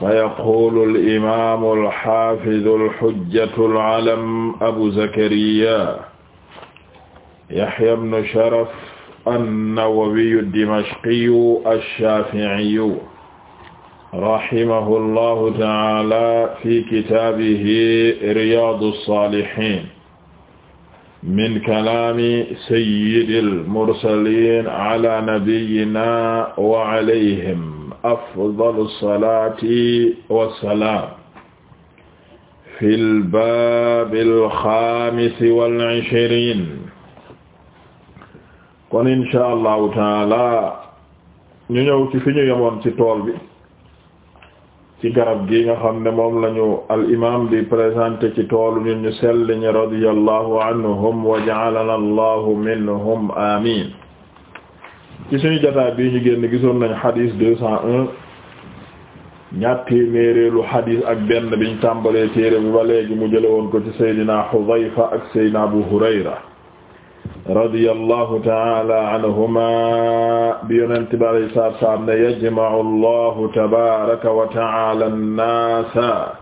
فيقول الإمام الحافظ الحجة العلم أبو زكريا يحيى بن شرف النووي الدمشقي الشافعي رحمه الله تعالى في كتابه رياض الصالحين من كلام سيد المرسلين على نبينا وعليهم afdalu salaati wassalaam fil baabil xaamisi wal ishriin kon insha allahu taala ñu ñëw ci fi ñu yemoon ci tool bi ci garab gi nga xam ne moom lañu al imaam di présenté ci toolu ñun ñu sell ñi radiyallahu anhum wa ja'alana allahu minhum amiin ci suñu jotaay bii ñu génn gisoon nañu xadis deux cent un ñaar téeméereelu xadis ak benn biñ tàmbalee téere bi ba léegi mu jële woon ko ci Seydina Xudayfa ak Seydina Abu Hurayra radiyallahu taala anhuma bi yonente bi alayhi salaatu wa salaam ne yajma'u allahu tabaraka wa taala annaasa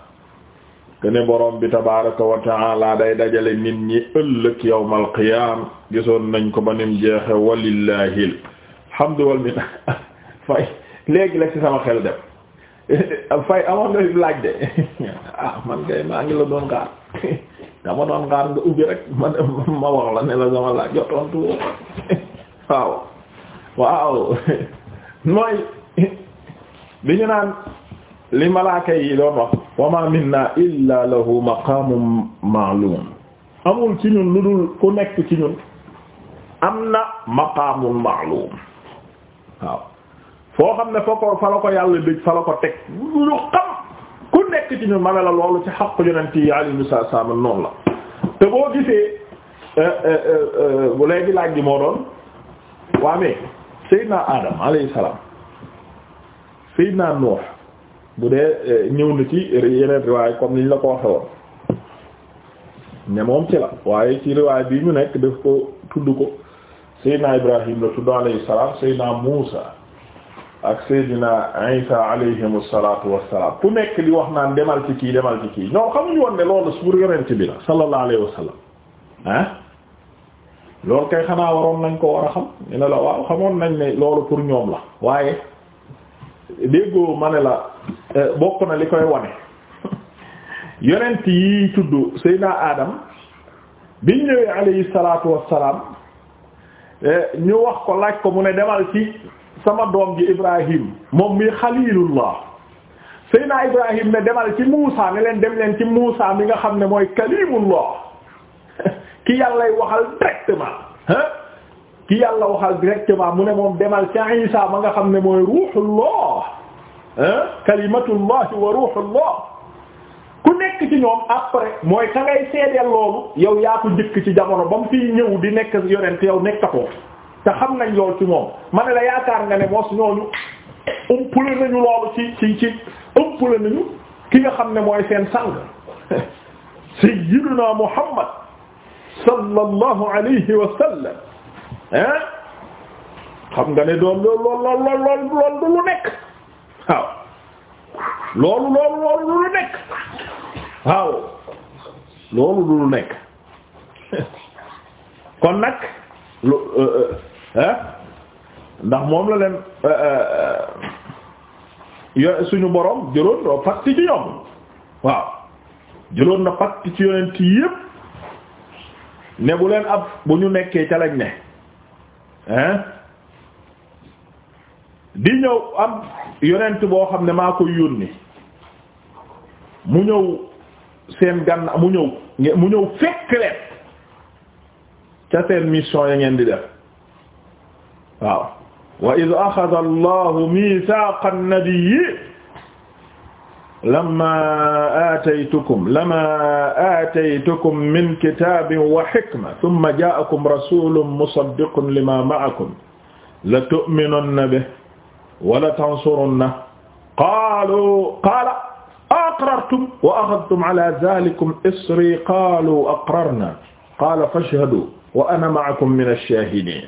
day dajale nit ñi ëllëg yawmal qiyaam gisoon nañ ko ba nim jeexe walillahi hamdu wal minna fay léegi la ci sama xel dem fay amoon nga laaj de ah man kay maa ngi la doon xaar dama doon xaar nga ubbi rek ma ma wax la ne la sama laaj jotoon tuuti waaw waaw mooy li ñu naan li malaaka yi doon wax wa ma minna illa lahu maqamun ma'lum amul ci ñun lu dul ku nekk ci ñun am na maqamun ma'lum waaw foo xam ne foo ko fa la ko yàlla dëj fa la ko teg lu xam ku nekk ci ñu mane la loolu ci xaqu yonent yi alayhimu salaam noonu la te boo gisee euh, euh, euh, bu laaj bi moo doon waa mais Seydina Adam alayhi salaam Seydina Nuux bu dee ñëw na ci yeneen riwaay comme niñ la ko waxe woon ne moom ci la waaye ci riwaay bii ñu nekk daf ko tudd ko Seydina Ibrahim la tudd alayhi salaam Seydina Muusa ak Seydina Isa alayhimu salaatu wassalaam ku nekk di wax naan demal ci kii demal ci kii ñoom xamuñu woon ne loolu suur yonent bi la sallallahu alayhi wa sallam loolu kay xanaa waroon nañ ko war a xam ñu ne la waaw xamoon nañ ne loolu pour ñoom la waaye déggoo ma ne la eh, bokk na li koy wane yonent yi tudd Seydina Adam biñ ñëwee alayhi salaatu wassalaam Eh, ñu wax ko laaj ko mu ne demal ci sama doom ji Ibrahim moom mi xalilullah Seyna Ibrahim ne demal ci Muusa ne leen dem leen ci Muusa mi nga xam ne mooy kalimullah ki yàllay waxal directement ah ki yàlla waxal directement mu ne moom demal ci Isa ma nga xam ne mooy ruuxullah ah kalimatullah wa ruuxullah nekk ci ñoom après mooy ka ngay seedeel loolu yow yaa ko njëkk ci jamono ba mu fiy ñëw di nekk yonent yow nekkatoo te xam nañ lool ci moom ma ne la yaakaar nga ne mos ñooñu umpule nañu loolu ci ci ci umpule nañu ki nga xam ne mooy seen sang sayyiduna Muhammad sallallahu alayhi wa sallam ah xam nga ne doon lool lool loolu loolu loolu lu nekk waaw loolu du lu nekk kon nag lu euh, euh, ndax moom la leen euh, yo- suñu borom jëloon na pacte ci ñoom waaw jëloon na pacte ci yonent yépp ne bu leen ab bu ñu nekkee ca lañ ne hein di ñëw am yonent boo xam ne maa koy yónni mu ñëw seen gan mu ñëw mu ñëw fekk leen ca seen mission ya ngeen di def waaw wa id axada allahu mithaqa annabiyyi lama aataytukum lama aataytukum min kitabin wa hikma thumma ja'akum rasulun musaddiqun lima ma'akum la tu'minunna bihi wa la tansurunna qalu qala aqrartum wa axadtum ala zalikum isri qaalu aqrarna qaala fashhadu wa ana ma'akum min ash-shahidin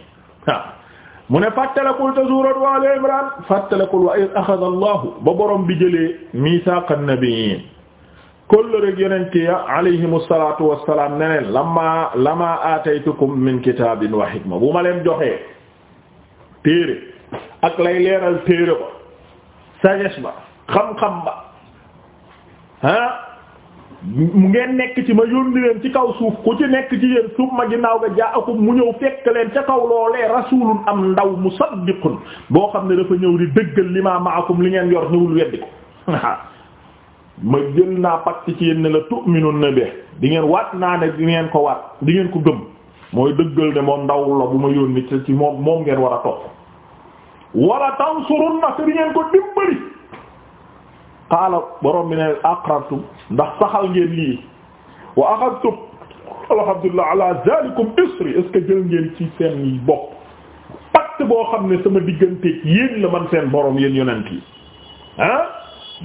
mu ne fàttalakul te suuratu Aali Imraan fàttalakul wa iz axada Allahu ba borom bi jëlee misaaqa nabiyyiin kóllëre yonent ya alayhimu salaatu wa salaam ne leen lammaa lamaa aataytukum min kitaabin wa hikma bu ma leen joxee téere ak lay leeral téere ba sagesse ba xam-xam ba ah mu ngeen nekk ci ma yónni leen ci kaw suuf ku ci nekk ci yéen suuf ma ginnaaw ga jaa akum mu ñëw fekk leen ca kaw loolee rasulun am ndaw musaddiqun boo xam ne dafa ñëw di dëggal li ma akum li ngeen yor ñëwul weddi ko ma jël naa pacte ci yéen ne la tu'minuna bi di ngeen waat naa ne di ngeen ko waat di ngeen ko gëm mooy dëggal ne moom ndaw la bu ma yónni ci moom moom ngeen war a topp wala tansurunna di ngeen ko dimbali. qaala borom bi ne aqrartum ndax saxal ngeen lii wa axadtum alhamdulilah ala zalikum isri est ce que jël ngeen ci seen yi bopp pacte boo xam ne sama digganteeg yéen la man seen borom yéen yonent yi ah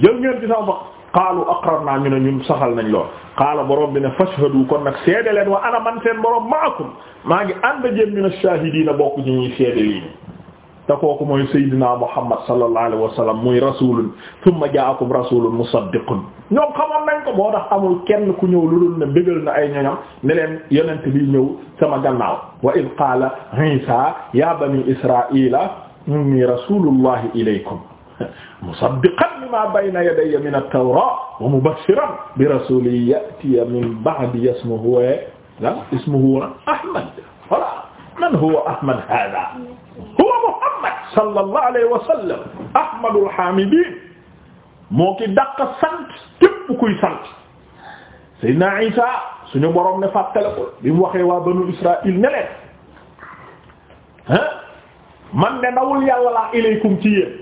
jël ngeen ci sama bopp qaalu aqrarnaa ñu ne ñun saxal nañ lool qaala borom bi ne fashhadu kon nag seede leen wa ana man seen borom maakum maa ngi ànd jëm min ash-shahidiina bokk ci ñuy seede lii. te kooku mooy Seydina Muhammad sallallahu alayhi wa sallam muy rasulun thumma jaakum rasulun musaddiqun ñoom xamoon nañ ko moo tax amul kenn ku ñëw lu dul ne bégal na ay ñoñam ne leen yonent bi ñëw sama gannaaw wa id qaala Isa ya bani israila inni rasulullahi ilaykum musaddiqan lima bayna yadayya min at-tawrat wa mubashiran bi rasulin ya'tiya min ba'di ismuhu ismuhu Ahmad voilà man huwa Ahmad hada Muhammad sallallahu alayhi wa sallam ahmadul hamidin moo ki dàq sant képp kuy sant Seydina Isa suñu borom ne fàttale ko bi mu waxee waa banu Israil ne leen ah man de nawul yàlla laa ilaykum ci yéen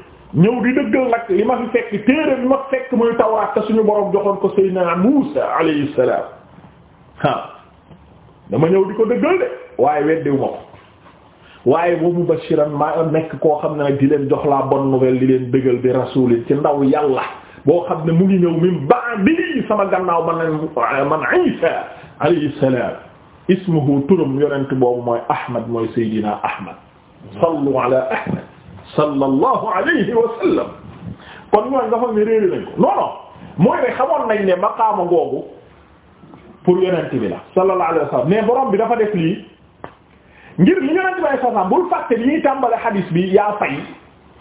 ñëw di dëggal nag li ma fi fekk téere bi ma fekk muy tawraat te suñu borom joxoon ko Seydina Muusa alayhi salaam waaw dama ñëw di ko dëggal de waaye weddiwu ma ko waaye wa mubashiran maa nekk koo xam ne nag di leen jox la bonne nouvelle di leen dëgal bi rasulin ci ndaw yàlla boo xam ne mu ngi ñëw min ba'di sama gannaaw man leen man Isa alayhi salaam ismuhu turam yonent boobu mooy Ahmad mooy Seydina Ahmad sallu ala Ahmad sallallahu alayhi wa sallam kon ñooñu nga xam ne réeré nañ ko non non mooy ne xamoon nañ ne maqaama googu pour yonent bi la sallallahu alayhi wa sallam borom bi dafa def lii ngir li nga naan sa bul fàtte li ñuy tàmbale hadis bi yaa fay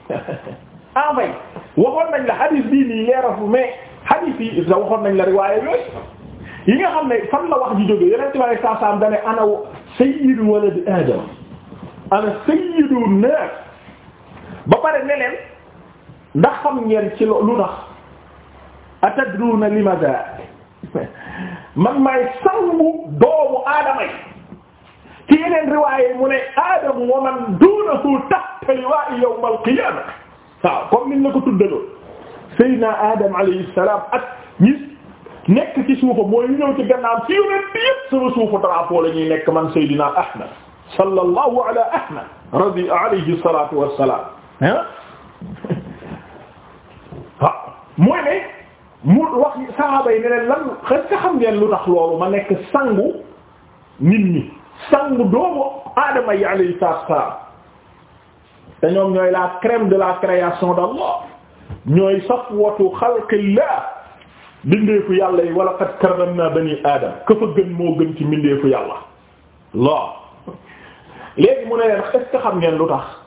en fay waxoon nañ la hadis bii nii leerafu mais hadis yi sa waxoon nañ la riwaaya yooyu yi nga xam ne fan la wax ji jóge yeneen tubaab yi saa saa am ana sayyidu walad aadama ana sayyidu naas ba pare ne leen ndax xam ngeen ci lu tax atadruuna limadaa man maay sangu doomu aadama yeneen riwaay mu ne Adam wa man duunahu tahta liwaa'i yawm al-qiyaama waaw comme niñ la ko tuddaloo Seydina Adam alayhi salaam ak ñi nekk ci suufa mooy ñu ñëw ci gannaaw ci yeneen bi yëpp sama suufu drapeau la ñuy nekk man Seydina Ahmad sallallahu ala Ahmad radi alayhi salaatu wa salaam ah waaw mooy ne mu wax saxaaba yi ne leen lan xëy na xam ngeen lu tax loolu ma nekk sangu nit ñi. sang doomu aadama yi alayhi salaam te ñoom ñooy la crème de la création d'Allah ñooy safwatu xalqillah mbindeefu yàlla yi wala qad karramna bani aadam ka fa gën moo gën ci mbindeefu yàlla loo léegi mu ne leen est-ce xam ngeen lu tax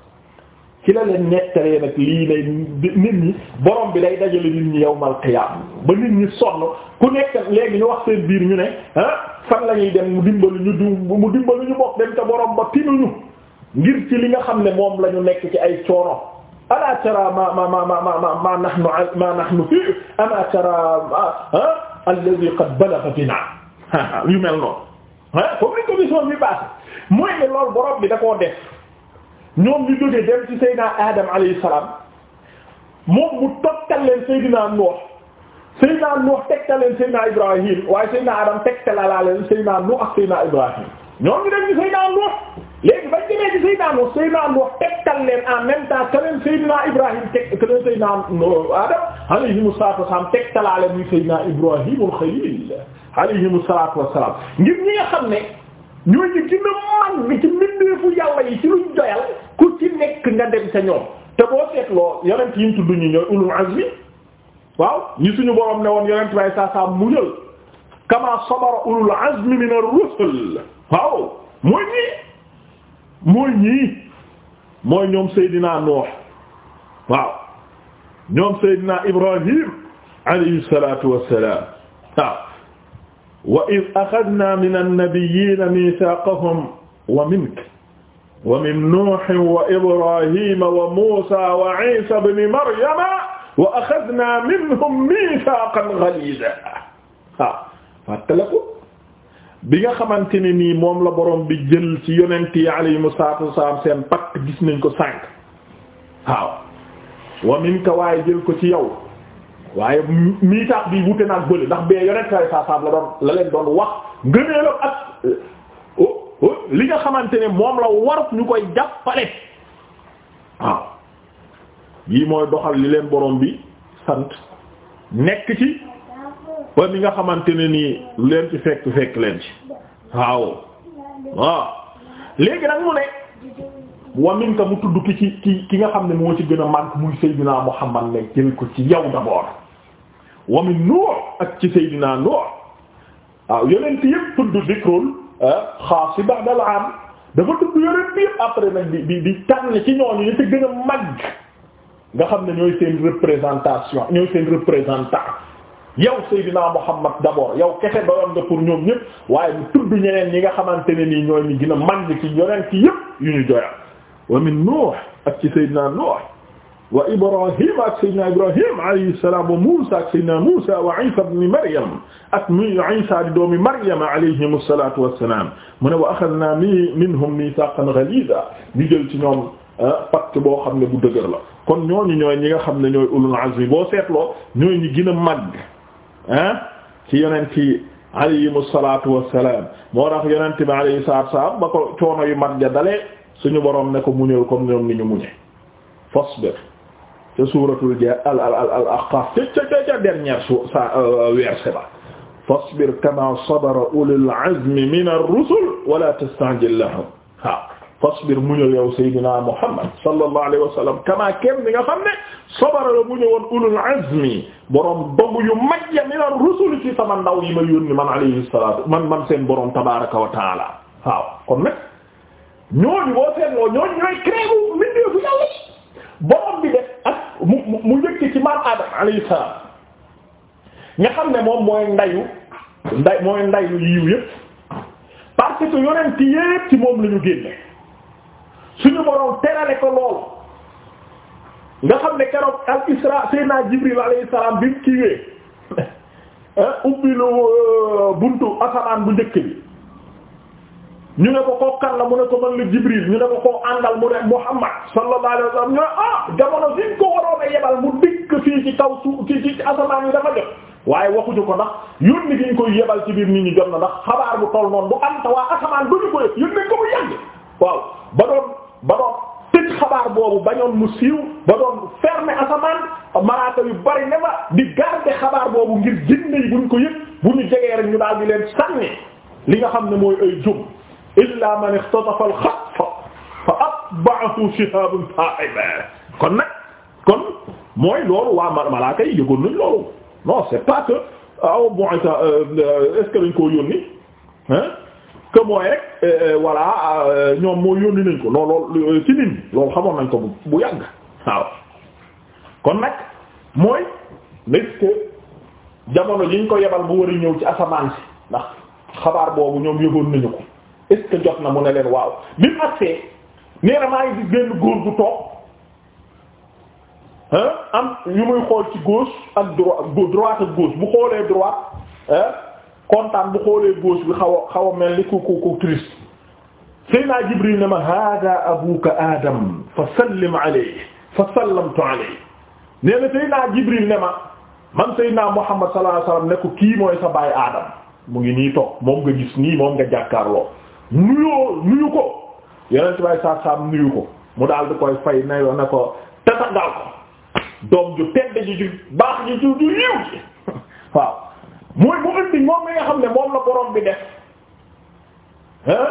ci la leen nettalee nag lii lay nit ñi borom bi day dajale nit ñi yawmal qiyaam ba nit ñi sonn ku nekk léegi ñu wax seen biir ñu ne ah, fan lañuy ñuy dem mu dimbalu ñu du mu dimbalu ñu bokk dem te borom ba tinuñu ngir ci li nga xam ne moom lañu nekk ci ay coono ala tara ma ma ma ma ma ma nahnu ma nahnu fi ala tara ah, ah alladhi qad balagha bina yu mel noonu ah comme ni commission bi passé mooy ne loolu borom bi da koo def. ñoom ñu jógee dem ci Seydina Adam alayhi salaam moom mu tokkal leen Seydina Nuux Seydina Nuux tegtal leen Seydina leen Nuux ak Nuux léegi leen en même temps que leen Seydina Ibrahim teg Adam alayhimu salaatu wa salaam tegtalaa leen muy Seydina Ibrahimul Xaliil alayhimu salaatu wa salaam ngir xam ne. ñooñu gën a mag bi ci mbindeefu yàlla yi ci luñ doyal ku ci nekk nga dem ñoom te boo seetloo yonent yi ñu tudd ñu ñooy ulul azmi waaw ñi suñu borom ne woon yonent bay saa saa muñal kama sabara ulul azmi min ar-rusul waaw mooy ñii mooy ñii mooy ñoom Seydina Nuux waaw ñoom Seydina Ibrahim alayhi salatu wassalam waaw wa iz axadnaa mina nabiyyiina miisaaqahum wa minka wa min nuuhin wa ibraahiima wa muusaa wa ciisaa ibni maryama wa axadnaa minhum miisaaqan ghaliizaa waaw fàttaliku bi nga xamante ne nii moom la boroom bi jël ci yonent yi alayhimu salaatu wa salaam seen pacte gis nañ ko sànq waaw wa minka waaye jël ko ci yow. waaye miitaax bi wute naag bële ndax bee yonent saa saa saam la doon la leen doon wax gëneelam ak oh, oh, li nga xamante ne moom la war ñu koy jàppale waaw yii mooy doxal li leen borom bi sant nekk ci ba ni nga xamante ne nii lu leen ci fekk fekk leen ci waaw waaw léegi nag mu ne waminka mu tudd ki ci ki ki nga xam ne moo ci gën a màgg muy Seydina Muhammad ne jël ko ci yow d'abord wa min Nuux ak ci Seydina Nuux waaw ah, yonent yëpp tudd dikrul ah, xaas ba'dal aam dafa tudd yonent yëpp après nag bi di di tànn ci ñooñu ñu ci gën a màgg nga xam ne ñooy seen représentation ñooy seen représentant yow Seydina Muhammad d'abord yow kese doyoon nga pour ñoom ñëpp waaye mu tudd ñeneen ñi nga xamante ne nii ñooy ñu gën a màgg ci yonent yëpp yu ñu joyal wa min Nuux ak ci Seydina Nuux wa Ibrahim ak Seydina Ibrahim alayhi salaam wa Muusa ak Seydina Muusa wa Isa ibn Maryam ak mi Isa di doomi Maryam alayhimu salaatu wa salaam mu ne wa axadnaa minhum miisaaqan ghaliizan ñu jël ci ñoom ah, pacte boo xam ne bu dëgër la kon ñooñu ñooy ñi nga xam ne ñooy ulul azmi boo seetloo ñooy ñi gën a màgg ah ci yonent yi alayhimu salaatu wa salaam moo tax yonent bi alayhi salaatu salaam ba ko coono yu mag ja dalee suñu borom ne ko muñal comme ñoom ni ñu muñe fasbir ca suuratul ja al al al al Ahqaaf ca ca ca dernière su sa euh, verset ba fasbir kamaa sabara ulul azmi minar rusul wala tasta'jil lahum waaw fasbir muñal yow Seydina Muhammad sallallahu alayhi wa sallam kamaa kenn ni nga xam ne sabara la mu ñëwoon ulul azmi borom dogu yu mag ya minar rusul ci sama ndaw yi ma yónni man alayhi salaatu man man seen borom tabaaraka wa taala waaw kon nag ñooñu boo seetloo ñooñu ñooy créé wu mbindeefu yàlla borom bi def mu mu ci maam Adam alayhi nga xam ne moom mooy ndayu nday mooy ndayu yiw yëpp parce que yonent yëpp ci moom la ñu génne suñu borom terale ko lool nga xam ne keroog al isra Seydina Jibril alayhi salaam bi mu kiiwee ah, ubbi lu euh, buntu asamaan bu njëkk bi. ñu ne ko koo kan la mu ne ko man la Jibril ñu ne ko koo àndal mu ne Muhammad sallallahu alayhi wa sallam ne ah, jamono fiñ ko a yebal mu dikk fii ci kaw suuf ci ci asamaan yi dafa jot ko ndax yónni gi ñu koy ci biir nit ñi jot na ndax xabaar bu toll noonu bu am ta waa asamaan du ko yëg yónni ko mu yàgg waaw ba doon ba doon tëj xabaar boobu bañoon mu siiw ba doon fermer asamaan malaaka yu bari ne fa di garder xabaar boobu ngir jinne yi buñ ko yëg bu ñu jegee rek ñu daal di leen sànni li nga xam ne mooy ay jum illa man ixtatafa alxatfa fa atba'ahu shihabun tha'ib kon nag kon mooy loolu waa malaaka yi yëgoon loolu non c'est pas que aw ah, bon euh, euh, est-ce que dañ koo yónni hein que mooy rek euh, ñoom moo yónni nañ ko non loolu ci nit loolu xamoon nañ ko bu bu kon nag mooy nit ko jamono jiñ ko yebal bu war a ñëw ci asamaan ndax xabaar boobu ñoom yëgoon nañu ko est ce que jot na mu ne leen waaw bi mu agsee nee na maa ngi gis benn góor gu toog ah am ñu muy xool ci gauche ak droite droite ak gauche bu xoolee droite ah kontaan bu xoolee gauche bi xaw a xaw a mel ni ku ku ku triste. Seydina Jibril ne ma hada abuka Adam fa sallim alayhi fa sallamtu alayhi nee na Seydina Jibril ne ma man Seydina Muhammad sallallahu alayhi wasallam ne ko kii mooy sa baay Adam mu ngi nii toog moom nga gis nii moom nga jàkkaarloo. nuyoo nuyu ko yeneen tubaab saa nuyu ko mu daal di koy fay na yoon ne ko tatangal ko doom ju tedd ji ju baax ji ju ju yiw ji waaw mu indi moom mi nga xam ne moom la boroom bi def hein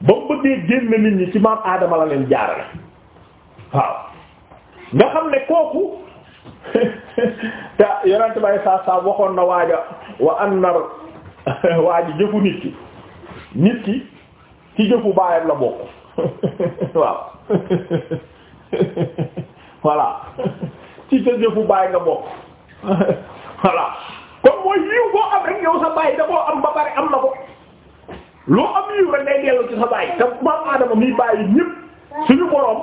ba bëggee génn nit ñi ci maam aadama la leen jaarale waaw nga xam ne kooku te yonent bay saa waxoon na waaja wa annar waaji jëfu nit ki nit ki ci jëfu baayam la bokk waaw voilà ci sa jëfu baay nga bokk voilà kon mooy yiw boo am rek yow sa baay da am ba pare am na ko loo am yiw rek day dellu ci sa baay te maam Adama miy bàyyi ñépp suñu boroom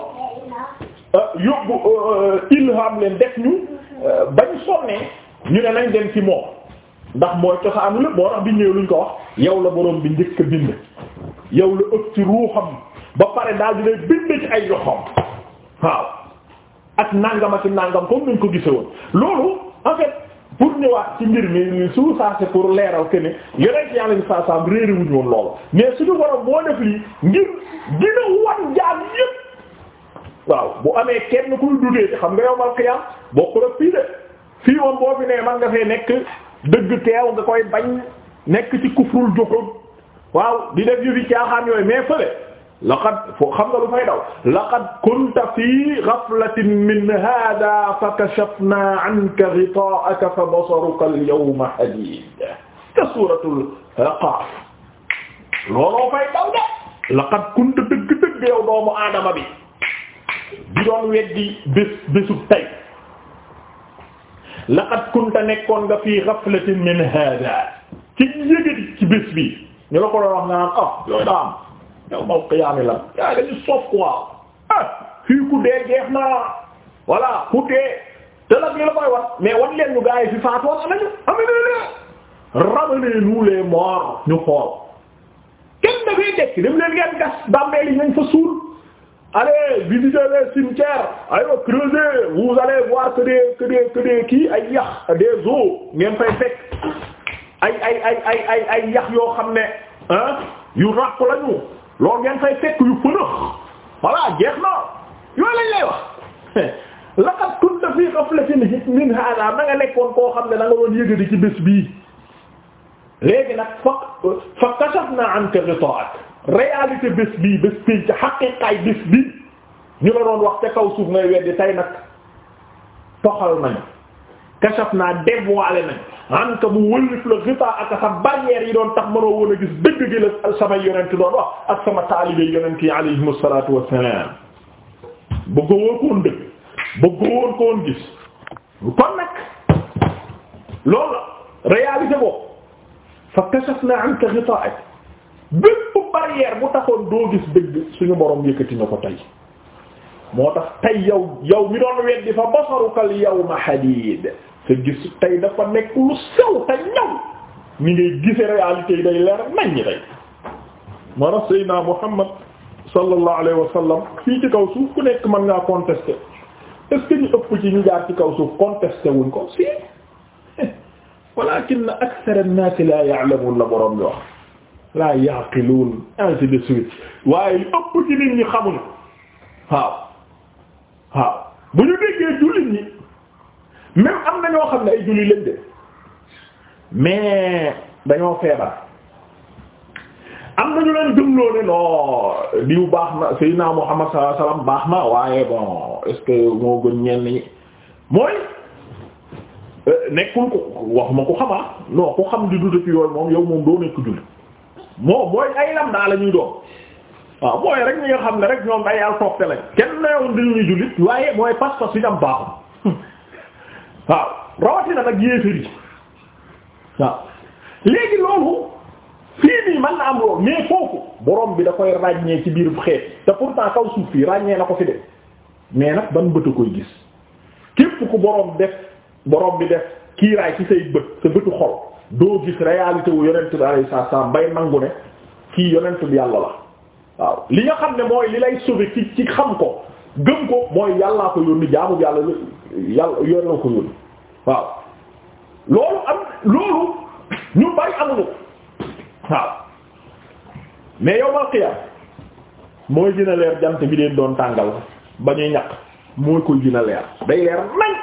euh, yóbbu euh, ilham leen def ñu euh, bañ sonnee ñu ne nañ dem ci moom ndax mooy cosaanu lépp boo tax bi luñ ko wax yow la borom bi njëkk bind yow la ëpp ci ruuxam ba pare daal di lay bind ci ay yoxam waaw ak nangam ak nangam comme nañ ko gisewoon loolu en pour ñëwaat ci mbir mi su saa si pour leeral que ne yeneen yàlla yu saa saam réeré wuñu woon loolu mais suñu borom boo def lii ngir dina wan jaam yépp waaw bu amee kenn kuy dutee ci xam nga yow mal xiyam bokkul ak fii de fii woon boo fi ne man nga fee nekk dëgg teew nga koy bañ. nekk ci kufrul juhud waaw di fi caaxaan yooyu mais fële laqad foo xam nga lu fay daw laqad kunta fi ghaflatin min hada fa kashafna anka ghita'aka al yawma hadid te suratul qaaf looloo fay daw de laqad kunta dëgg-dëgg yow doomu aadama bi di doon weddi bés bésub tey laqad kunta nekkoon fi ghaflatin min hada ci yëgati ci bés bi ñu la ko doon wax nga naan ah yooyu daa mal qiyaami la yaay dañu soof quoi ah, fii ku dee jeex naa voilà ku dee te nag la koy wax mais wan leen ñu gaa yi fi faatoon am nañu am nañu ramenez nous les morts ñu xool kenn dafay dekk dem leen ngeen gas bàmmeel yi nañ fa suul allez visiter les cimetières aywa creuser vous allez voir que des que des que des kii ay yax des ay ay ay ay ay yax yoo xam ne yu ràpp lañu loolu ngeen fay fekk yu fënax voilà jeex na yooyu lañ lay wax laqad kunta fii ghaflatin min hada na nga nekkoon koo xam ne da nga doon yëgadi ci bés bii léegi nag fa fa kashafna anka ghita'ak réalité bés bii bés bii ci xaqiiqaay bés bii ñu la doon wax te kaw suuf ngay weddi tey nag toxal nañu kashaf naa dévoilé nañ an ka mu wëllif la gitaa ak sa barrière yi doon tax mënoo woon a gis dëgg gi la sama yonent doon wax ak sama taalibé yonent yi alayhimu salaatu wassalaam bëgg woon ko woon dëgg bëgg woon ko woon gis kon nag loolu réalité boobu fa kashafna anka ghita'ak bépp barrière bu taxoon doo gis dëgg suñu borom yëkkati na ko tey moo tax tey yow yow mi doon weddi fa basarukal yawma hadid sa gis tey dafa nekk lu sew te ñaw ni ngay gise réalité yi day leer nañ ñi tey moo tax Seydina Muhammad sallallahu alayhi wa sallam fii ci kaw suuf ku nekk mën ngaa contester est-ce que ñu ëpp ci ñu jaar ci kaw suuf contester wuñ ko si a akthar an-nas la ya'lamun la borom bi wax la yaqilun ainsi de suite waaye li ëpp ci nit ñi xamuñ waaw waaw bu ñu déggee jullit ñi même am na ñoo xam ne ay jullit lañ de mais dañoo feebar am na ñu leen gëmloo ne non diw baax na Seydina Muhammad sallallahu alayhi wasallam baax na waaye bon est-ce que moo gën ñenn ñi mooy euh, nekkul ko waxuma ko xamaa non ko xam di dudëppi yooyu moom yow moom doo nekk jullit moo mooy ay lam daa la ñuy doon waaw mooy rek ñi xam ne rek ñoom day yàlla toogte lañ kenn newoon dañuy jullit waaye mooy pas-pas yi am baaxul waaw rawatina nag yéefar yi waaw léegi loolu fii nii mën na am loolu mais foofu borom bi da koy ràññee ci biir xeet te pourtant kaw suuf fii ràññee na ko fi de mais nag ban bët a koy gis képp ku borom def borom bi def kiiraay ci say bët sa bëtu xol doo gis réalité wu yonent bi alayhi salaam bay nangu ne kii yonent yàlla la waaw li nga xam ne mooy li lay sauver ci ci xam ko gëm ko mooy yàllaa ko yónni jaamu yàlla yàlla yàlla ko yónni waaw loolu am loolu ñu bari amuñu waaw mais yow ma xiyam mooy dina leer jant bi dee doon tàngal ba ñuy ñaq mooy koy dina leer day leer nañ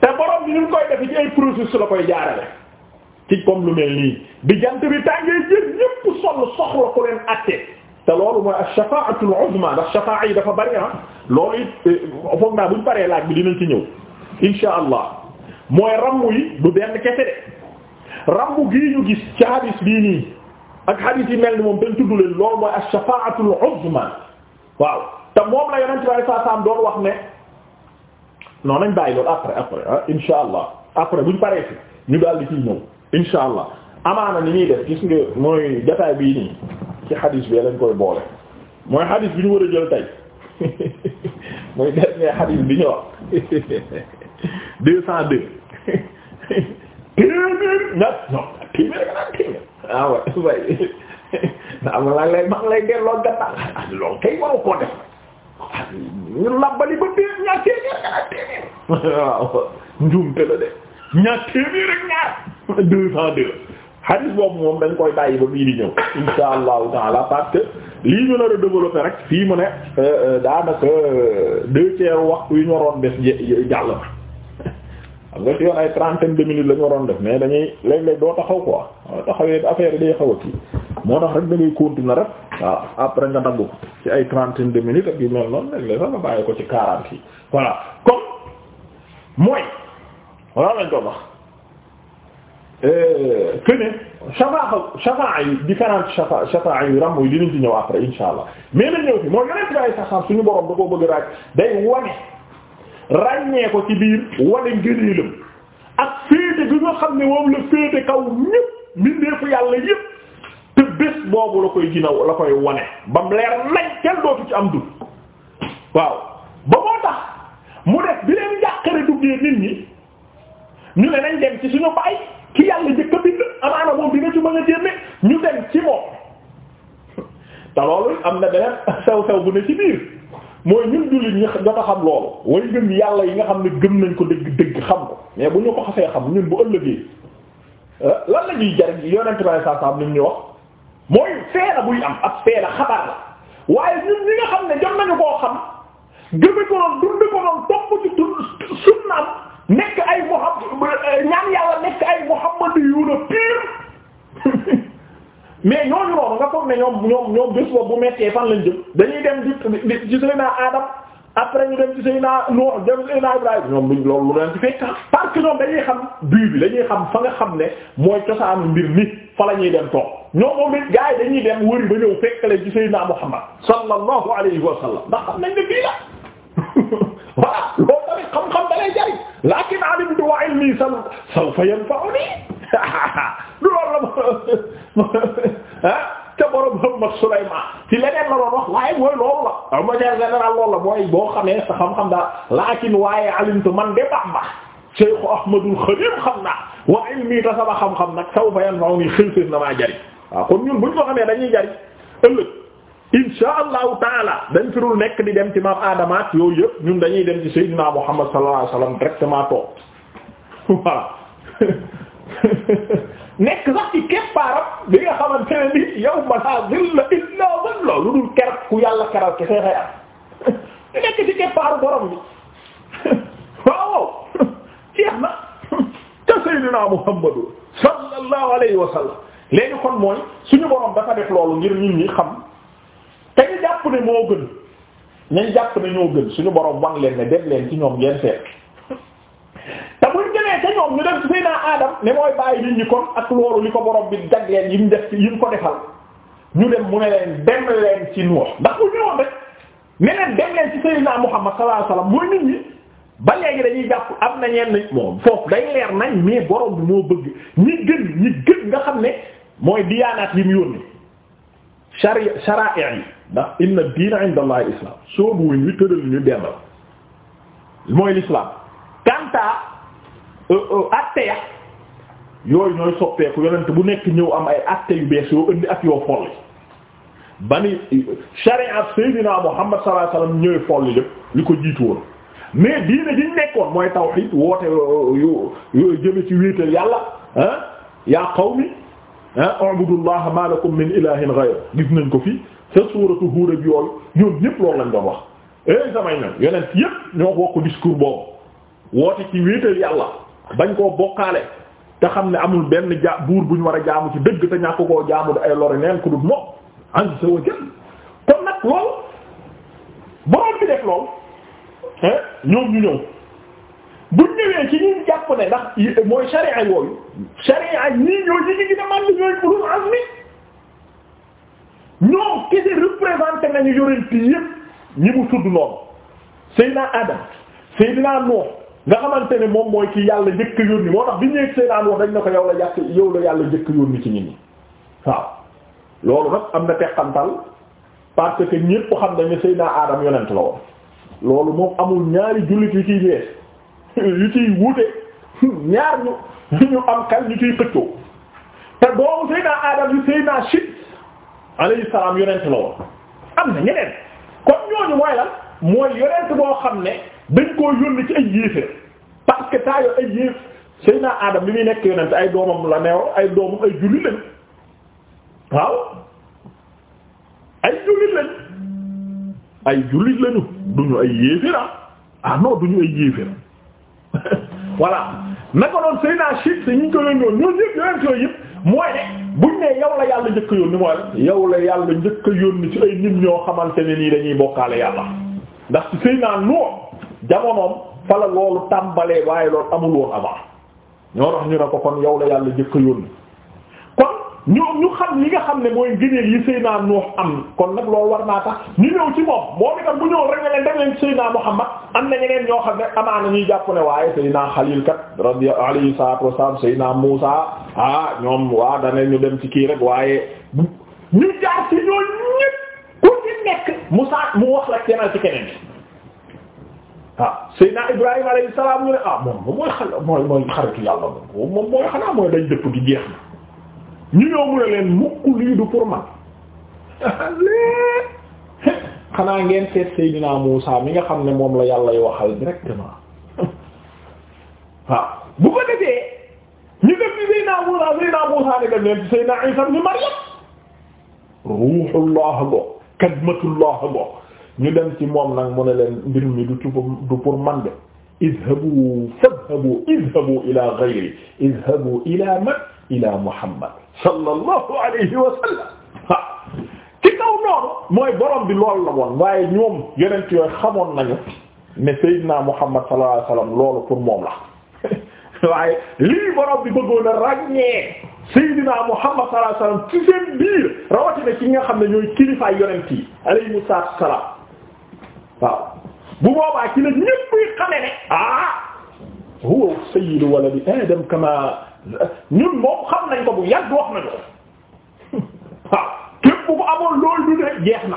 te borom bi ñu koy def ci ay processus la koy jaarale ci comme lu mel nii bi jant bi tàngee jër ñépp sonn soxla ku leen àtte te loolu mooy ash-shafa'atul uzma ndax shafa'a yi dafa bari ah loolu it eh, foog naa buñ paree laaj bi dinañ ci ñëw insha allah mooy rammu yi du benn kese de rammu gii ñu gis ci hadis bii nii ak hadis yi mel ni moom dañ tudd leen loolu mooy ash-shafa'atul uzma waaw te moom la yonent bi sallallahu alayhi wasallam doon wax ne noonu nañ bàyyi loolu après après ah insha allah après buñ paree fi ñu daal di ciy ñëw insha allah amaana ni ñuy def gis nga mooy jotaay bii nii. ci xadis bi lañ koy boole mooy xadis bi ñu war a jël tey mooy dernier xadis bi ñu wax deux cent deux téeméer ñaar non téeméer gannaaw téeméer ah, ah, ah la de ñaar téeméer xadis boobu moom dañ koy bàyyi ba bii di ñëw insha allahu taala parce que lii ñu nar a développer rek fii mu ne euh, euh, daanaka euh, deux tiers waxtu yu ñu waroon def jàll na xam nga ci ay trentaine de minutes la ñu waroon def mais dañuy léeg-léeg doo taxaw quoi doo taxawee affaire yi day xaw a kii moo tax rek da ngay continuer rek waaw après nga dagg ko ci ay trentaine de minutes ak yu mel noonu léeg-léeg sax nga bàyyi ko ci quarante yi voilà comme mooy wala lañ ko wax. Euh, que ne shafaaxa shafaaxa yi différentes shafa shafaaxa yu ram yi dinañ ci ñëw après insha allah mais na ñëw mooy yeneen tubaab yi sax suñu borom da koo bëgg raaj day ci biir wane ngëneelam ak féete bi nga xam ne moom la féete kaw ñëpp mbindeefu yàlla yëpp te bés boobu la koy a la koy wane ba mu leer nañ kenn dootu ci am du waaw ba moo tax mu def bi leen jàqare duggee nit ñi ñu ne nañ dem ci suñu baay. ki yàlla njëkk a bind amaana moom dina ci mën a génne ñu dem ci moom te loolu am na beneen sew-sew bu ne si biir mooy ñun jullit ñi jot a xam loolu way gëm yi nga xam ne nañ ko dëgg dëgg xam ko mais bu ñu ko xasee xam ñun bu ëllëgee euh, lan la ñuy jariñ bi saa saa ni ñu wax mooy feela buy am ab feela xabaar la waaye ñun nga xam ne jot nañu koo xam gëme ko noonu dund ko noonu topp ci sunnaam nekk ay Muhammad ñaan yàlla nekk ay Muhammad yu na pire mais ñooñu noonu nga foog ne ñoom ñoom ñoom boobu mettee fan lañ jëm dañuy dem di di ci Seydina Adam après ñu dem ci Seydina Nuh dem ci Seydina Ibrahim ñoom luñ loolu lu leen ci fekk parce que ñoom dañuy xam bii bi dañuy xam fa nga xam ne mooy cosaanu mbir ni fa la ñuy dem toog ñoom moom it dañuy dem wëri ba ñëw fekkale ci Seydina Muhammad sallallahu alayhi wa sallam xam nañ ne bii la voilà loolu tamit xam-xam da lay lakin alimtu wa ilmi sawfa yanfa'uni lu loolu la ah ca borom Muhammad Sulaymaan ci leneen la doon wax waaye mooy loolu la waaw ma jeex général loolu la mooy boo xamee sa xam-xam daal lakin waaye alimtu man de Bamba Cheikh Ahmadul Xadim xam naa wa ilmi ta sama xam-xam nag sawfa yanfa'uni xëy na maa jariñ waaw ah, kon ñun buñ ko xamee dañuy jariñ ëllëg insha allahu taala dañ firul nekk di dem ci maam yooyu yëpp ñun dañuy dem ci sayyidina muhammad sallallahu alayhi wasallam directement toog nekk sax ci keppaaram bi nga xamante ne ni yawma la illa zilla lu dul ker ku yàlla keral ke see xay am di nekk ci keppaaru borom bi waaw jeex na te sayyidina muhammadu sallallahu alayhi wasallam léegi kon mooy suñu borom dafa def loolu ngir nit ñi xam te ñu jàpp ne moo gën nañ jàpp ne ñoo gën suñu borom wan leen ne dem leen ci ñoom ngeen seet te buñ demee ca ñoom ñu dem ci Seydina Adam ne mooy bàyyi nit ñi kon ak loolu li ko borom bi jagleel yi mu def yi mu ko defal ñu dem mu ne leen dem leen ci Nuux ndax bu ñëwoon rek ne leen dem leen ci Seydina Muhammad sallallahu alayhi mooy nit ñi ba léegi dañuy jàpp am na ñeen moom foofu day leer nañ mais boroom bi moo bëgg ñi gën ñi gën nga xam ne mooy diyaanaat yi mu yónni sharia ndax inna diina inda allah islam soobu wuñ ñu tëral ñu benn mooy l'islam kanta euh, euh, atte ya yooyu ñooy soppeeku yonent bu nekk ñëw am ay atte yu bees yoo indi ak yoo folli bani sharia sayyidina muhammad sallallahu alayhi wasallam ñooy folli lépp li ko jiitu woon mais diine ji nekkoon mooy tawhid woote euh, yu jëme ci wéetal yàlla ah yaa qawmi ah a'budullaha ma lakum min ilahin ghayr gis nañ ko fii sa suuratu Huud ak yooyu ñoom ñëpp loolu lañ doon wax éy eh, samay nan yonent yëpp ñoo ko wax discours boobu woote ci wéetal yàlla bañ koo bokkaale te xam ne amul benn ja buur bu ñu war a jaamu ci dëgg te ñàkk koo jaamu di ay lori neen ku dut moom azza wa kon nag loolu boroom bi def loolu eh, ñoom ñu ñëw bu ñëwee ci ñun jàpp ne ndax mooy sharia yooyu sharia ñii ñoo ñi ñi gën a man ñooy ulul azmi ñoom kese représenté nañu yonent yépp ñi mu tudd noonu Seydina Adam Seydina Nuux nga xamante ne moom mooy ki yàlla njëkk yónni moo tax bi ñëwee Seydina Nuux dañ ne ko yow la yàq yow la yàlla njëkk yónni ci nit ñi waaw loolu nag am na teqantal parce que ñépp xam nañ ne Seydina Adam yonent la woon loolu moom amul ñaari jullit yu ciy wees yu ciy wuute ñaar ñu ñu am kal ñu ciy xëccoo te doomu Seydina Adam yu Seydina Chit alayhi salaam yonent la woon am na ñeneen kon ñooñu mooy lan mooy yonent boo xam ne dañ koo yónni ci ay yéeféer parce que taa yoo ay yéef Seydina Adam bi muy nekk yonent ay doomam la neew ay doomam ay jullit lañ waaw ay jullit lañ ay jullit lañu duñu ay yéeféer ah, ah non duñu ay yéeféer voilà naka noonu Seydina Chid si ñu ko yónni woon ñooñu yëpp yonent yooyu yëpp mooy ne buñ nee yow la yàlla njëkk a yónni mooy yow la yàlla njëkk yoon yónni ci ay nit ñoo xamante ne nii dañuy bokkaale yàlla ndax ci sëy naa noo jamonoom fa la loolu tàmbalee waaye loolu amul woon avant ñoo tax ñu ne ko kon yow la yàlla njëkk a ñu ñu xam li nga xam ne mooy ngëneel yi Seydina Nuux am kon nag loolu war naa tax ñu ñëw ci moom moom itam bu ñëw rek ne leen dem leen Seydina Muhammad am na ñeneen ñoo xam ne amaana ñuy jàpp ne waaye Seydina Xaliil kat radiyallahu alayhi salaatu wasallam Seydina Muusa ah ñoom waa dana ñu dem ci kii rek waaye ñu jaar ci ñoo ñépp ku ci nekk Muusa mu wax la keneen ci keneen ah Seydina Ibrahima alayhi salaam ah moom mooy xal yàlla moom moom mooy xanaa mooy dañ dëpp gi ñu ñëw mu ne leen mukk lii du pour man xanaa ngeen seet Seydina Muusa mi nga xam ne moom la yàlla yu waxal directement waaw bu ko defee ñu def ci Seydina Muusa Seydina Muusa ne dem leen ci Seydina Isa ibn Maryam ruuxullah go kadmatullah go ñu dem ci moom nag mu ne leen mbir mi du tu du pour man de idhabu fadhabu idhabu ila ghayri idhabu ila man ila muhammad sallallahu alayhi wa sallam ci kaw noonu mooy borom bi loolu la woon waaye ñoom yonent yooyu xamoon nañu ne sayyidina muhammad sallallahu alayhi wa sallam loolu pour moom la waaye lii borom bi bëggoon a ràññee sayyidina muhammad sallallahu alayhi wa sallam ci seen biir rawatina ci nga xam ne ñooy kilifaay yonent yi alayhimu salaam waaw bu boobaa ci la ñépp xamee ne ah huwa sayyidu waladi adam kama ñun moom xam nañ ko bu yàgg wax nañu ko waaw képp ku ko amoon loolu du ne jeex na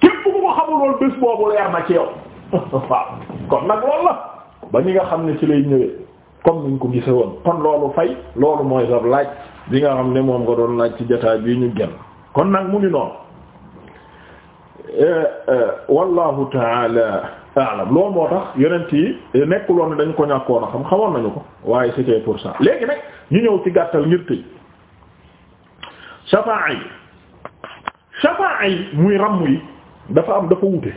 képp ku ko xamul woon bés boobu leer na ci yow waaw kon nag loolu la ba ñi nga xam ne ci lay ñëwee comme niñ ko gise woon kon loolu fay loolu mooy sab laaj bi nga xam ne moom nga doon laaj ci jotaay bii ñu genn kon nag mu ngi noonu eh, eh, wallahu taala aalam loolu moo tax yonent yi nekkuloon ne dañ ko ñàkkoon a xam xamoon nañu ko waaye c'était pour ça léegi nag ñu ñëw ci gàttal ngir tëj shafaa yi muy ramm yi dafa am dafa wute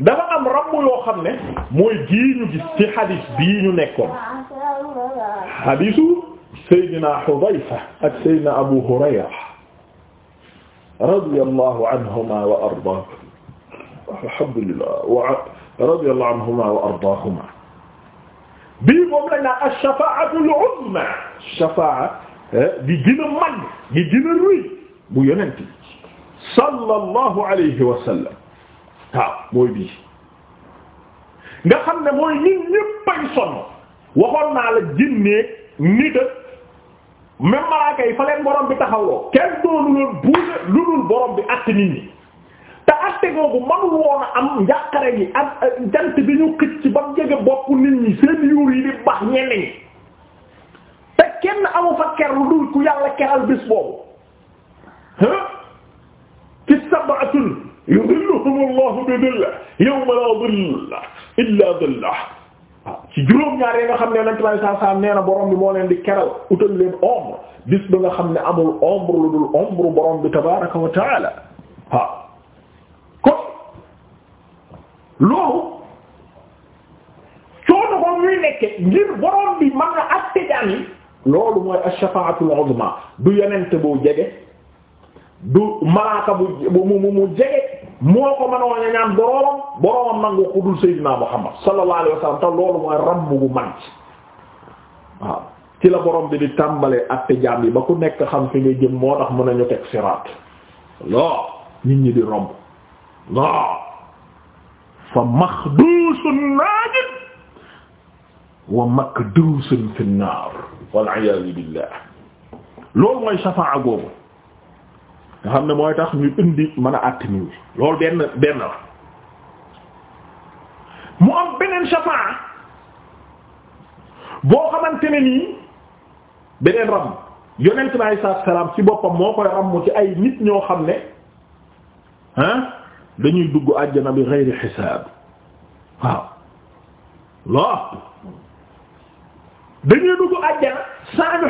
dafa am ramm yoo xam ne mooy gii ñu gis ci xadiis bii ñu nekkoon xadiisu Seydina Xudayfa ak Seydina Abu Hurayra radiyallahu anhuma wa ardaahuma alhamdulillah wa radiyallahu anhuma wa ardaahuma bii moom lañ naan ash-shafaa'atu al-uzma shafaa eh, di gën a mag di gën a rëy bu yonent sallallahu alayhi wa sallam waaw mooy bii nga xam ne mooy nit ñépp ay sonn waxoon naa la jinneeg nit ak même malaaka yi fa leen borom bi taxawloo kenn doonu leen buuse lu dul borom bi àtt nit ñi te atte googu manul woon a am njàqare gi ak jant bi ñu xëcc ba mu jege bopp seen yuur yi di bax ñenn ñi te kenn amu fa ker lu dul keral bis boobu hë ci sab'atun yudilluhumullahu bi dillah yawma la dilla illa dillah ci juróom-ñaar yi na xam ne Yonent bi sallallahu alayhi wasallam nee na moo leen di keral utal leen ombre bis ba nga xam ne amul ombre lu dul ombre borom bi wa ta'ala loolu coono ko ñuy nekke ngir borom bi mën na àtte jaam yi loolu mooy ash-shafa'atul uzma du yonent bu moo ko mën loolu mooy rabb bu man ci waaw ci la borom bi di tàmbalee àtte jaam yi ba ku nekk xam fi nga jëm moo tax mën nañu teg siraat loo nit ñi di romb loo fa maxduusun naajid wa makduusun fi naar wal iyaazu billah loolu mooy safaa googu nga xam ne mooy tax ñu indi mën a àtt nii loolu benn benn la mu am beneen safaa boo xamante ne nii beneen ram yonent bi alayhi salaam ci boppam moo koy ram ci ay nit ñoo xam ne ah dañuy dugg àjjana bi geyri xisaab waaw loo dañuy dugg àjjana saa ñu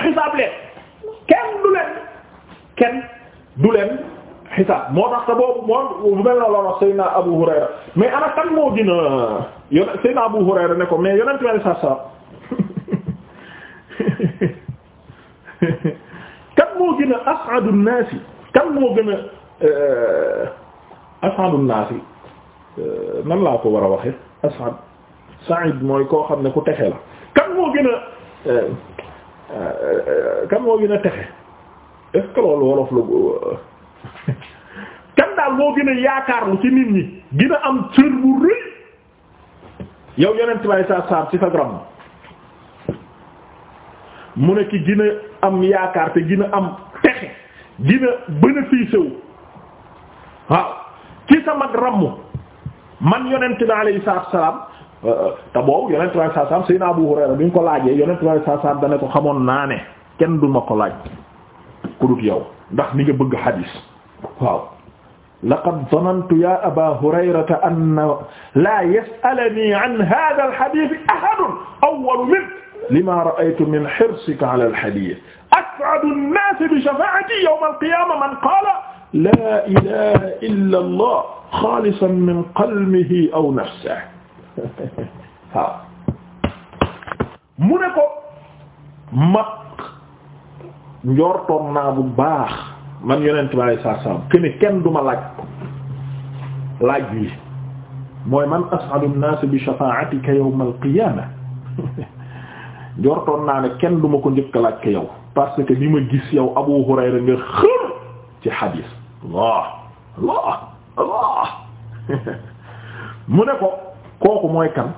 kenn du kenn du leen moo tax te boobu moo bu mel na loolu Abu Hurayra mais ana kan moo gën a Abu Hurayra ne ko mais yonent mel sa sa kan moo gën a as'adu naasi kan moo gën euh, as'adun naas euh, nan laa ko war a waxe as'ad sa'id mooy koo xam ne ku texe la kan moo gën a euh, kan moo gën a texe est wolof la kan daal moo gën a yaakaar lu ci nit ñi gën a am cër bu rëy yow yonent bay sa saar ci sa gram mu ne ki gën a am yaakaar te gën a am texe gën a bénéficier wu waaw ci sama rammu man yonent bi alayhi salaatu wa salaam euh, euh, te boobu yonent bi alayhi salaatu wa salaam Seydina Abu Hurayra bi ñu ko laajee yonent bi alayhi salaatu wa salaam dana ko xamoon naa ne kenn du ma ko laaj ku dut yow ndax ni nga bëgg xadiis waaw laqad zanantu ya aba hurayrata anna laa yas'alani an haadha al-hadiith ahadun awwalu minka lima ra'aytu min hirsika ala al-hadiith as'adu an-naasi bi shafaa'ati yawm al-qiyaamah man qaala laa ilaaha illa allah xaalisan min qalbihi aw nafsihi waaw mu ne ko mag njortoon naa bu baax man yonent bi alayhi salaatu salaam kene kenn duma laaj laaj bi mooy man as'adu nnaas bi shafaatika yawm al-qiyaama njortoon naa ne kenn duma ko njëkk laaj ko yow parce que li ma gis yow Abu Hurayra nga xër ci xadiis Allah Allah Allah mu ne ko kooku mooy kan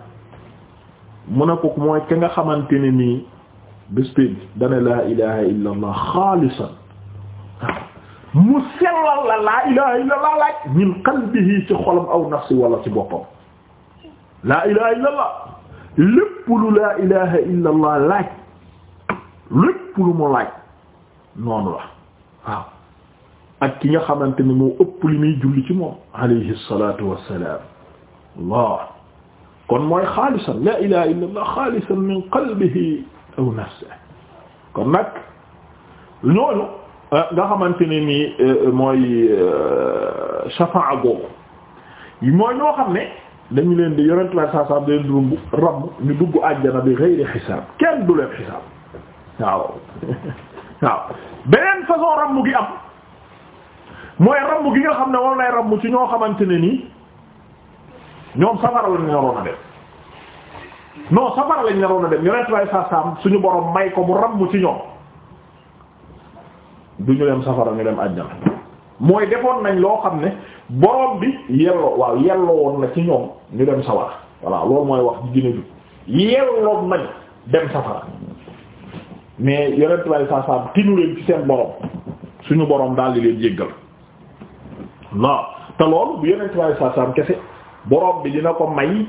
mu ne ko mooy ki nga xamante ne nii bés pénc dana laa ilaha illa xaalisan mu sellal la laa ilaha laaj min qalbihi ci xolam aw nafsi wala ci boppam laa ilaha illa lépp lu laa ilaha illa laaj lépp lu mu laaj noonu la waaw ak ki nga xamante ni moo ëpp li muy julli ci moom alayhi salatu wassalam allah kon mooy xaalisan la ilaha illa allah xaalisan min qalbihi aw nafsihi kon nag ñooñu eh, nga xamante ne ni eh, mooy eh, shafaa googu mooy ñoo xam ne dañu leen saa saa dañu leen di rabb ñu dugg àjjana bi ghayri xisaab kenn du leen xisaab waaw waaw beneen façon gi am mooy ramb gi nga xam ne moom lay ramb ci ñoo xamante ne nii ñoom safara lañ naroon a dem non safara lañ naroon a dem yonent way sa sam suñu borom may ko mu ramb ci ñoom du ñu dem safara ñu dem àjjana mooy defoon nañ loo xam ne borom bi yelloo waaw yelloo woon na ci ñoom ñu dem sawara voilà loolu mooy wax ji gën a jub yelloon nañ dem safara mais yonent way sa leen ci seen borom suñu borom daal di leen jéggal waaw te loolu bu yeneen tubaab saa saam kese borom bi dina ko may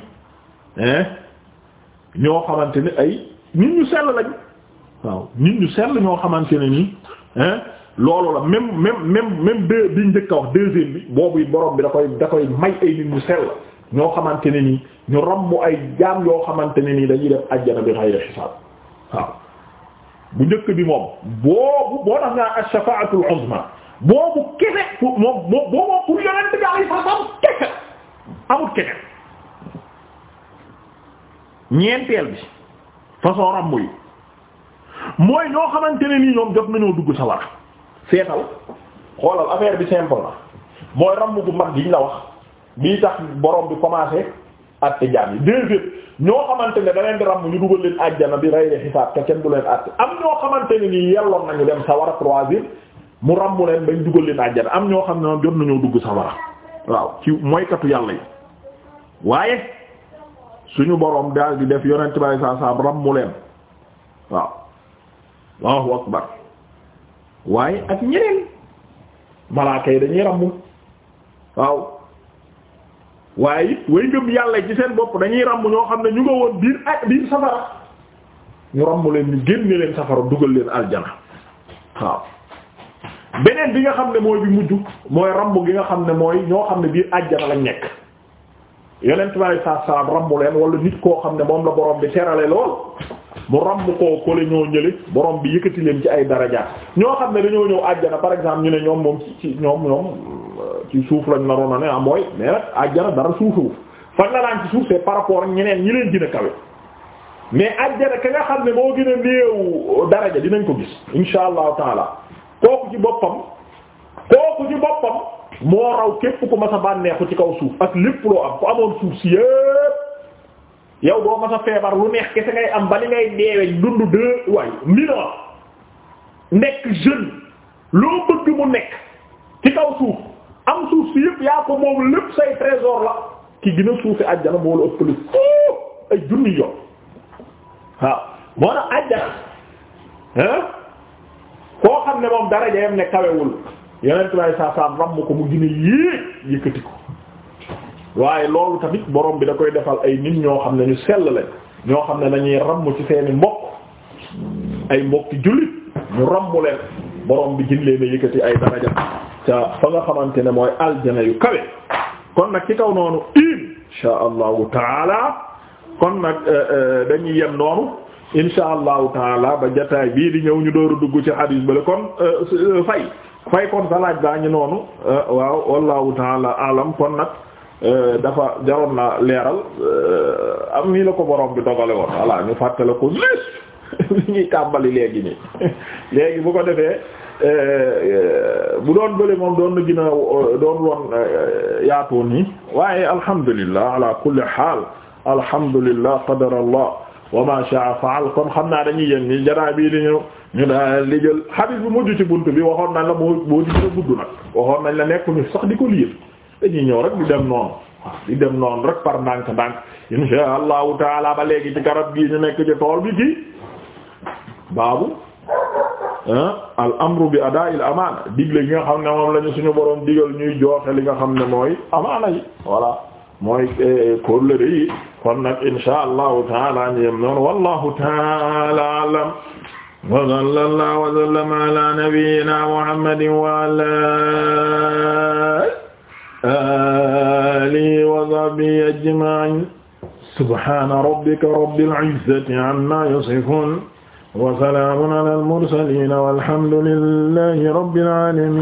ñoo xamante ne ay nit ñu sell lañ waaw nit ñu sell ñoo xamante ne nii loolu la même même même même deux bi njëkk a wax deuxième bi boobu borom bi da koy da koy may ay nit ñu sell ñoo xamante ne nii ñu romb ay jaam yoo xamante ne nii dañuy def ajjana bi xayri xisaab waaw bu njëkk bi moom boobu boo tax ngaa ash-shafa'atul uzma boobu kese pour moom boobu pour yonent bi alayhi salaam kese amut keneen ñeenteel bi façon ràmb yi mooy ñoo xamante ne nii ñoom jot nañoo dugg sa war seetal xoolal affaire bi simple na mooy ràmb bu mag giñ la wax bii tax borom bi commencé àtte jaam yi deuxième ñoo xamante ne da leen di ràmb ñu dugal leen àjjana bi rey leen xisaab te kenn du leen àtte am ñoo xamante ne nii yelloon nañu dem sa war a troisième mu ràmmu leen bañ dugal leen àjjana am ñoo xam ne moom jot nañoo dugg safara waaw ci moykatu yàlla yi waaye suñu boroom daal di def yonent bi saa saa ràmmu leen waaw Allahu waaye ak ñeneen malaaka yi dañuy ràmmu waaw waaye it way ngëm yàlla ci seen bopp dañuy ràmmu ñoo xam ne ñu nga woon biir ak biir safara ñu ràmmu leen ñu génne leen safara dugal leen aljana waaw beneen bi nga xam ne mooy bi mujj mooy ramb gi nga xam ne mooy ñoo xam ne biir àjjana lañ nekk yonent bi alayhi salaatu salaam ramb leen wala nit koo xam ne moom la borom bi terale lool mu ramb koo ko la ñoo ñële borom bi yëkkati leen ci ay darajaat ñoo xam ne dañoo ñëw àjjana par exemple ñu ne ñoom moom ci ñoom ñoom euh, ci suuf lañ naroon a ne ah mooy mais nag àjjana dara suufuuf fan la naan ci suuf c'est par rapport ak ñeneen ñi leen gën a kawe mais àjjana ka nga xam ne moo gën a néew daraja dinañ ko gis insha allahu taala kooku ci boppam kooku ci boppam moo raw képp ku mas a bànneexu ci kaw suuf ak lépp loo am ku amoon suuf si yépp yow doo mas a feebar lu neex kese ngay am ba li ngay deewee dund deux waay minor nekk jeune loo bëgg mu nekk ci kaw suuf am suuf si yépp yaa ko moom lépp say trésor la ki gën suufi àjjana moo la ëppale ay junni yoon waaw moo tax àjjana hein koo xam ne moom dara jayam ne kawewul yeneen lay saa saa ko mu gën a yéeg yëkkati ko waaye loolu tamit borom bi da koy defal ay nit ñoo xam ne ñu sell lañ ñoo xam ne dañuy ramm ci seeni mbokk ay mbokki jullit ñu ramm boroom bi gën leen a yëkkati ay daraja ca fa nga xamante ne mooy aljana yu kawe kon nag ci kaw noonu insha allahu taala kon nag eh, eh, dañuy yem noonu insha allahu taala ba jataay bii di ñëw ñu dooru dugg ci hadis bale kon euh, euh, fay fay kon sa laaj baa ñu noonu euh, waaw wallahu taala alam kon nag dafa jaroon na leeral am nii la ko borom bi dogale woon voilà ñu fàttale ko tàmbali léegi nii léegi bu ko defee bu doon bële moom doon na gën doon woon yaatoon nii waaye alhamdulillah ala kulli haal alhamdulillah qadarallah wa ma sha'a fa'al kon xam naa dañuy yem ni jaraay bii di ñëw ñu daal li jël hadith bi mujj ci bunt bi waxoon nañ la moo moo di gën a gudd nag waxoon nañ la nekkuñu sax di ko liir dañuy ñëw rek di dem noonu di dem noonu rek par ndànk-ndànk insha allahu taala ba léegi ci garab gii ñu nekk ci tool bi ci baabu al amru bi adaa'il amaana digle gi nga xam ne moom lañu suñu borom digal ñuy joxe li nga xam ne mooy amaana yi voilà mooy eh, eh, kóllëre yi kon nag insha allahu taala ñu yem noonu wallahu taala alam wa sallallahu wa sallama ala nabiyyina muhammadin wa ala alihi wa sahbihi ajma'in subhana rabbika rabbil izzati amma yasifun wa salamun ala al mursalin walhamdulillahi rabbil alamin